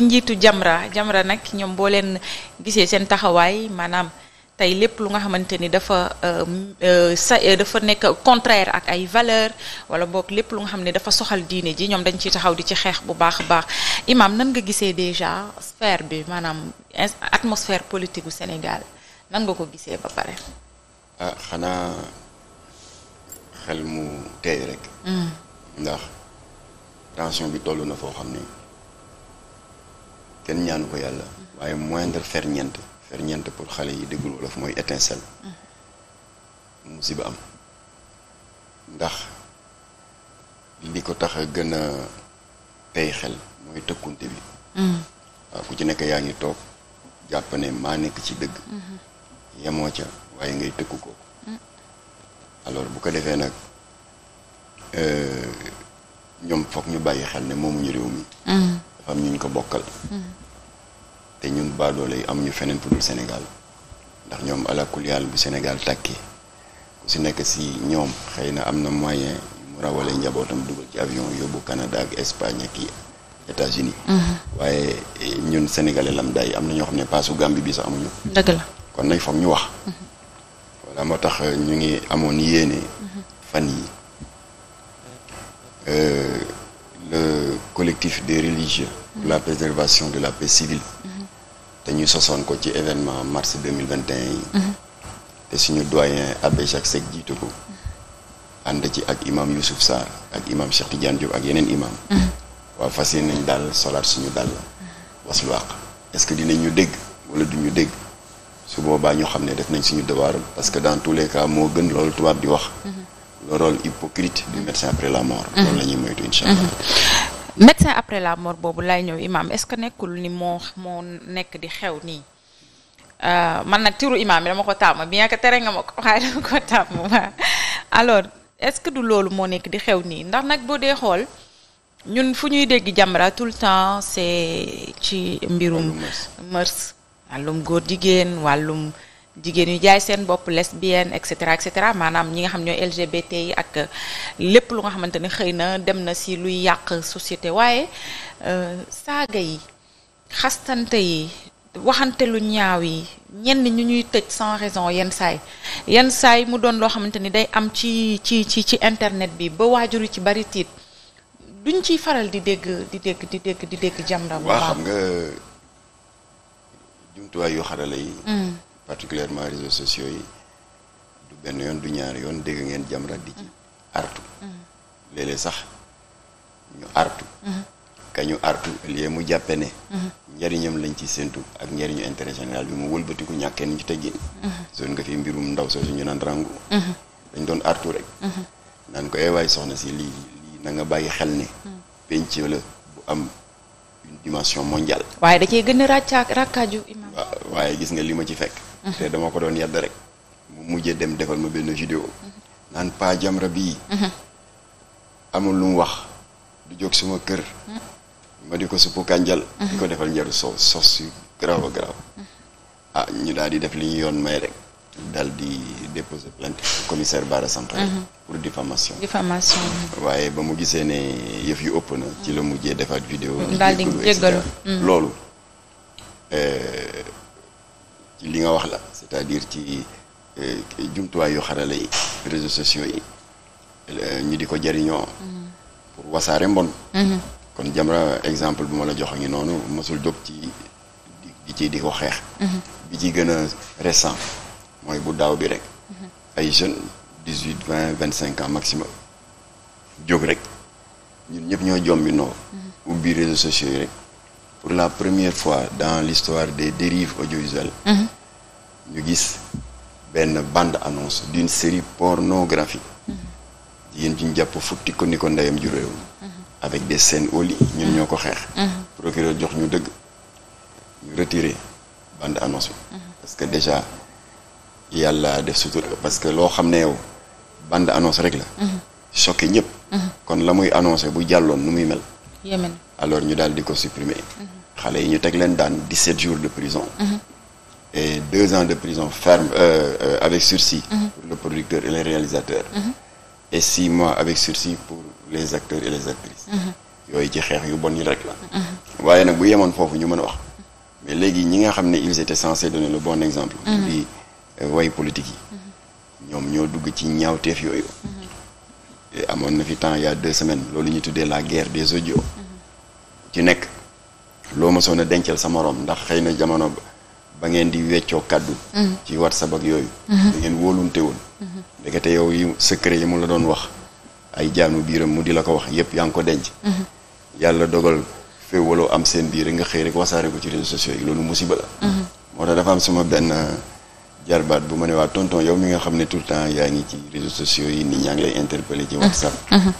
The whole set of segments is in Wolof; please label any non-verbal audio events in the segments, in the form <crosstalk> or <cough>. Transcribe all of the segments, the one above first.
njiitu Jamra Jamra nag ñoom boo leen gisee seen taxawaay maanaam tey lépp lu nga xamante ni dafa euh, sa euh, dafa nekk contraire ak ay valeur wala boog lépp lu nga xam ne dafa soxal diine ji ñoom dañ ciy taxaw di ci xeex bu baax a baax Imaam nan nga gisee déjà sphère bi maanaam atmosphère politique gu Sénégal nan nga ko gisee ba pare. Ah, xanaa xel mu tey rek. Hmm. ndax tension bi toll na foo xam ne. kenn ñaanu ko yàlla waaye moindre ferñeent ferñeent pour xale yi déggul wolof mooy étincelle musiba am ndax li ko tax a gën a tey xel mooy tëkkunte bi mm. waaw ku ci nekk yaa ngi toog jàpp ne maa nekk ci dëgg mm-hmm. yemoo ca waaye ngay tëkku ko mm. alors bu ko defee nag euh, ñoom foog ñu bàyyi xel ne moomuñu réew mi mm. dafa am ñu ko bokkal te ñun baadoole yi ñu feneen fu dul Sénégal ndax ñoom alakul yàlla bu Sénégal tàkkee ku si nekk si ñoom xëy na am na moyen mu rawale njabootam dugal ci avion yóbbu Canada ak Espagne ak États-Unis mhm. waaye eh, ñun sénégalais lam am na ñoo xam ne paasu Gambie bi sax amuñu. dëgg la kon nag foog ñu wax. Mhm. voilà moo tax eh, ñu ngi amoon yéene. Mhm. fan yi eh, le collectif des religieux pour la préservation de la paix civile. te ñu sosoon ko ci événement mars 2021 yi mhm. te suñu doyen Abbé Jacques Seck jiitu ko ànd ci ak imam Youssouf Sarr ak imam Cheikh Tidiane Diop ak yeneen imam mhm. waaw fas yéene nañ daal solaat suñu dal mhm. waslu àq est-ce que dinañ ñu dégg wala du ñu dégg su boobaa ñoo xam ne def nañ suñu devoir parce que dans tous les cas moo gën loolu tubaab di wax le rôle hypocrite du médecin après la mort loolu la ñuy moytu incha allah médecin après la more boobu lay ñëw imaam est-ce que nekkul ni moo moo nekk di xew nii euh, man nag tiru imaam bi dama ko tàmm bien que tere nga ma ko waaye dama alors est-ce que du loolu moo nekk di xew nii ndax nag boo dee xool ñun fu ñuy dégg Jamra tout le temps c'est ci mbirum mërs wàllum góor jigéen wàllum jigéen yu jaay seen bopp lesbienne et cetera et cetera maanaam ñi nga xam ñooy LGBT yi ak euh, lépp lu nga xamante ne xëy na dem na si luy yàq société waaye euh, saaga yi xastante yi waxante lu ñaaw yi ñenn ñu ñuy tëj sans raison yenn saay yenn saay mu doon loo xamante ni day am ci ci ci ci internet bi ba waajur yi ci bari tiit duñ ciy faral di dégg di dégg di dégg di dégg Jamra. waaw xam nga jumtuwaay yu yi. Hmm. particulièrement réseaux sociaux yi du benn yoon du ñaari yoon dégg ngeen Jamra di ci artu léeg-léeg sax ñu artu ka ñu artu lieu mu jàppe ne njariñam lañ ci séntu ak njariñu intérêt général bi mu wëlbatiku ñàkkee ñu ci teggin soon nga fi mbirum ndaw soosu ñu naan rangu dañ doon artu rek naan ko ay eh waay soxna si lii lii na nga xel ne penc bu am une dimension mondiale. waaye da cee gën a ràccaak waaye gis nga li ma ci fekk. Mhm. te dama ko doon yedd rek. mu mujjee dem defal ma benn vidéo. Mhm. naan Pa Jamra bii. Mhm. amul lu mu wax du jóg sama kër. ma di ko suppu kànjal. di ko defal njaru soow sos yu garaaw ah, ñu daal di def li ñu yoon may rek. dal di déposer plainte commissaire Bara Sankhare mhm. pour diffamation diffamation waaye ba mu gisee ne yëf yu ëpp na ci la mujjee defaat vidéo mm-hmm. daal di jéggalu mm-hmm. loolu euh, li nga wax la c'est-à-dire ci euh, jumtuwaay yu xarala yi réseaux sociaux yi euh, ñu di ko jariñoo mm-hmm. pour wasaare mbon kon Jamra exemple bu ma la jox ngi noonu mësul jog ci ci di ko xeex bi ci gën a récent mooy bu daaw bi rek. ay jeunes dix huit vingt vingt cinq ans maximum jóg rek ñun ñëpp ñoo jombi noo ubbi réseaux sociaux yi rek pour la première fois dans l'histoire des dérives audiovisuelles. ñu gis benn bande annonce d'une série pornographique. jigéen ci jàpp futti ko ni ko ndeyam ju avec des scènes au lit ñoo ko xeex. procureur jox ñu dëgg ñu retirer bande annonce bi. parce que déjà yàlla def sutur parce que loo xam ne yow bande annonce rek la. Mhm. choqué ñëpp. Mhm. kon la muy annoncé bu jàlloon nu muy mel. alors ñu daal di ko supprimer. Mhm. xale yi ñu teg leen daan 17 jours de prison. et deux ans de prison ferme euh, euh, avec sursis. pour le producteur et les réalisateurs. et six mois avec sursis pour les acteurs et les actrices. yooyu ci xeex yu bon yi rek la. waaye nag bu yemoon foofu ñu mën a wax. mais léegi ñi nga xam ne ils étaient censés donner le bon way politique yi ñoom ñoo dugg ci ñaawteef yooyu amoon na fi temps il y a deux semaines loolu ñu tuddee la guerre des audios ci nekk loo ma soon a dencal sa moroom ndax xëy na jamono ba ngeen di weccoo kàddu ci whatsapp ak yooyu da ngeen ndekete yow yi secret yi mu la doon wax ay jaanu biiram mu di la ko wax yépp yaa ngi ko denc yàlla dogal féewaloo am seen biir nga xëy rek wasaare ko ci réseaux sociaux yi loolu musiba la moo tax dafa sama benn jarbaat bu ma ne waa tonton yow mi nga xam ne tout le temps yaa ngi ci réseaux sociaux yi nit ñaa ngi lay interpeller ci whatsapp mm-hmm. Mm-hmm.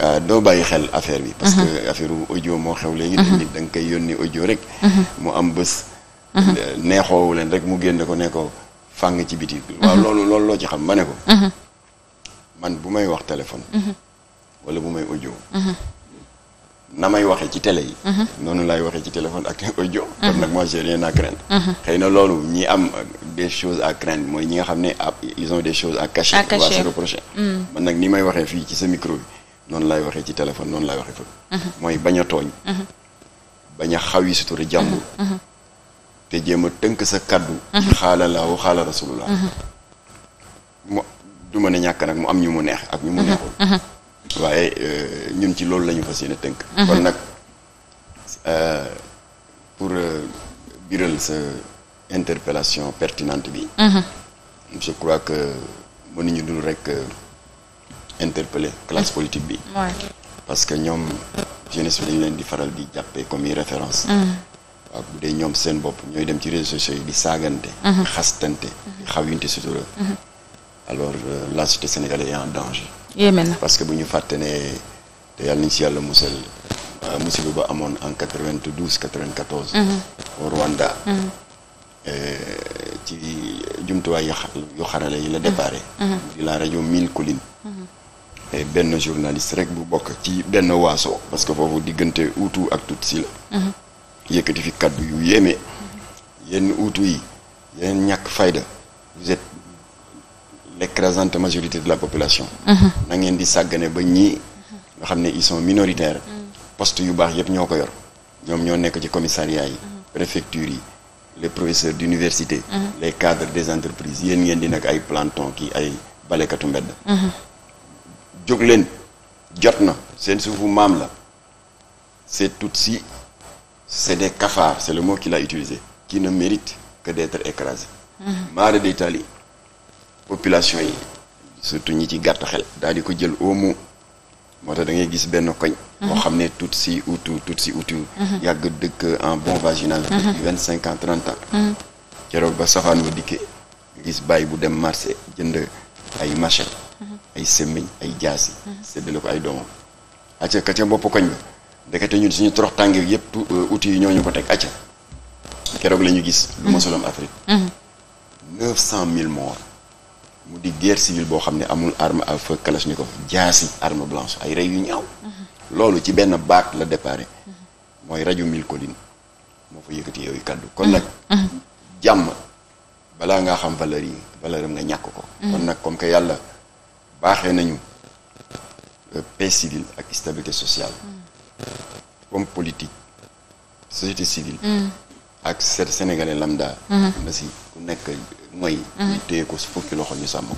Ah, doo bàyyi xel affaire bi parce que mm-hmm. affaire audio moo xew léegi te da nga koy yónni audio rek mu am bés neexoowu leen rek mu génne ko ne ko fàng ci biti waaw loolu loolu loo ci xam ma ne ko man bu may wax téléphone wala bu may audio na may waxee ci télé yi. Mhm. noonu laay waxee ci téléphone ak <laughs> audio. Mhm. kon nag moi j'ai rien à craindre. Mhm. xëy na loolu ñi am des choses à craindre mooy ñi nga xam ne ils ont des choses à cacher. à cacher se reprocher. man nag ni may waxee fii ci sa micro noonu laay waxe ci téléphone noonu lay waxee fa. mooy bañ a tooñ. bañ a xaw yi sutura jàmbur. te jéem a tënk sa kaddu. ci xaala laahu xaala rasulullah. mu du mën ñàkk nag mu am ñu mu neex ak ñu mu neexul. waaye euh, ñun ci loolu lañu ñu fas yéene tënk. Mhm. kon nag euh, pour euh, biral sa interpellation pertinente bi. Mhm. je crois que ñu dul rek interpeller classe politique bi. parce que ñoom jeunesse bi dañu leen di faral di jàppee comme i référence. Mhm. waaw bu dee ñoom seen bopp ñooy dem ci réseaux sociaux yi di saagante. xastante xawinte sutura. alors la société sénégalaise est en danger. yéeme na parce que bu ñu fàtte ne te yàlla nañ si yàlla musal euh, musiba ba amoon en 92 94. Mhm. Rwanda. Mhm. Euh, ci jumtuwaay yu xarale yi la mhm. déparé. di la rajo Mille Collines. benn journaliste rek bu bokk ci benn waaso parce que foofu diggante Hutu ak Tutsi la. yëkkati fi kaddu yu yéeme. yéen Hutu yi yéen ñàkk fayda vous l'écrasante majorité de la population. Uh-huh. na di sàggane ba ñii nga xam ne ils sont minoritaires. Mm. poste yu baax yëpp ñoo ko yor ñoom ñoo nekk ci commissariat yi. Mm-hmm. préfecture yi les professeurs d'université. Mm-hmm. les cadres des entreprises yéen ngeen di nag ay planton kii ay balekatu mbedd. Mm-hmm. jóg leen jot na seen suufu maam la c'est tout si c'est des cafards c'est le mot qu'il a utilisé qui ne méritent que d'être écrasés. Mare d'Italie. population yi surtout ñi ci gàtt xel daal di ko jël au mot moo tax da ngay gis benn koñ moo mhm. xam ne Tutsi Hutu Tutsi Hutu yàgg dëkk en bon vaginal depuis mhm. vingt cinq ans trente ans mhm. keroog ba safaan wa dikkee gis bàyyi bu dem marché jënd ay machette ay semmiñ ay jaasi séddale ko ay doomam acca ka ca bopp koñ ba ndekete ñun suñu torox tàngee yëpp euh, outils yi ñoo ñu ko teg acca keroog la gis lu ma solom Afrique neuf cent mille morts mu di guerre civile boo xam ne amul arme à feu kalachnikov jaasi arme blanche ay rey yu ñaaw. loolu ci benn baat la déparé. mooy rajo mille collines moo fa yëkkati yooyu kaddu. kon nag jàmm balaa ngaa xam valeur yi valeur am nga ñàkk ko. kon nag comme que yàlla baaxe nañu euh, paix civile ak stabilité sociale. comme politique société civile. Mm. ak sénégalais lambda. Mm-hmm. na si ku nekk. mooy. Mhm. ñu téye ko si fukki loxo ñu sàmm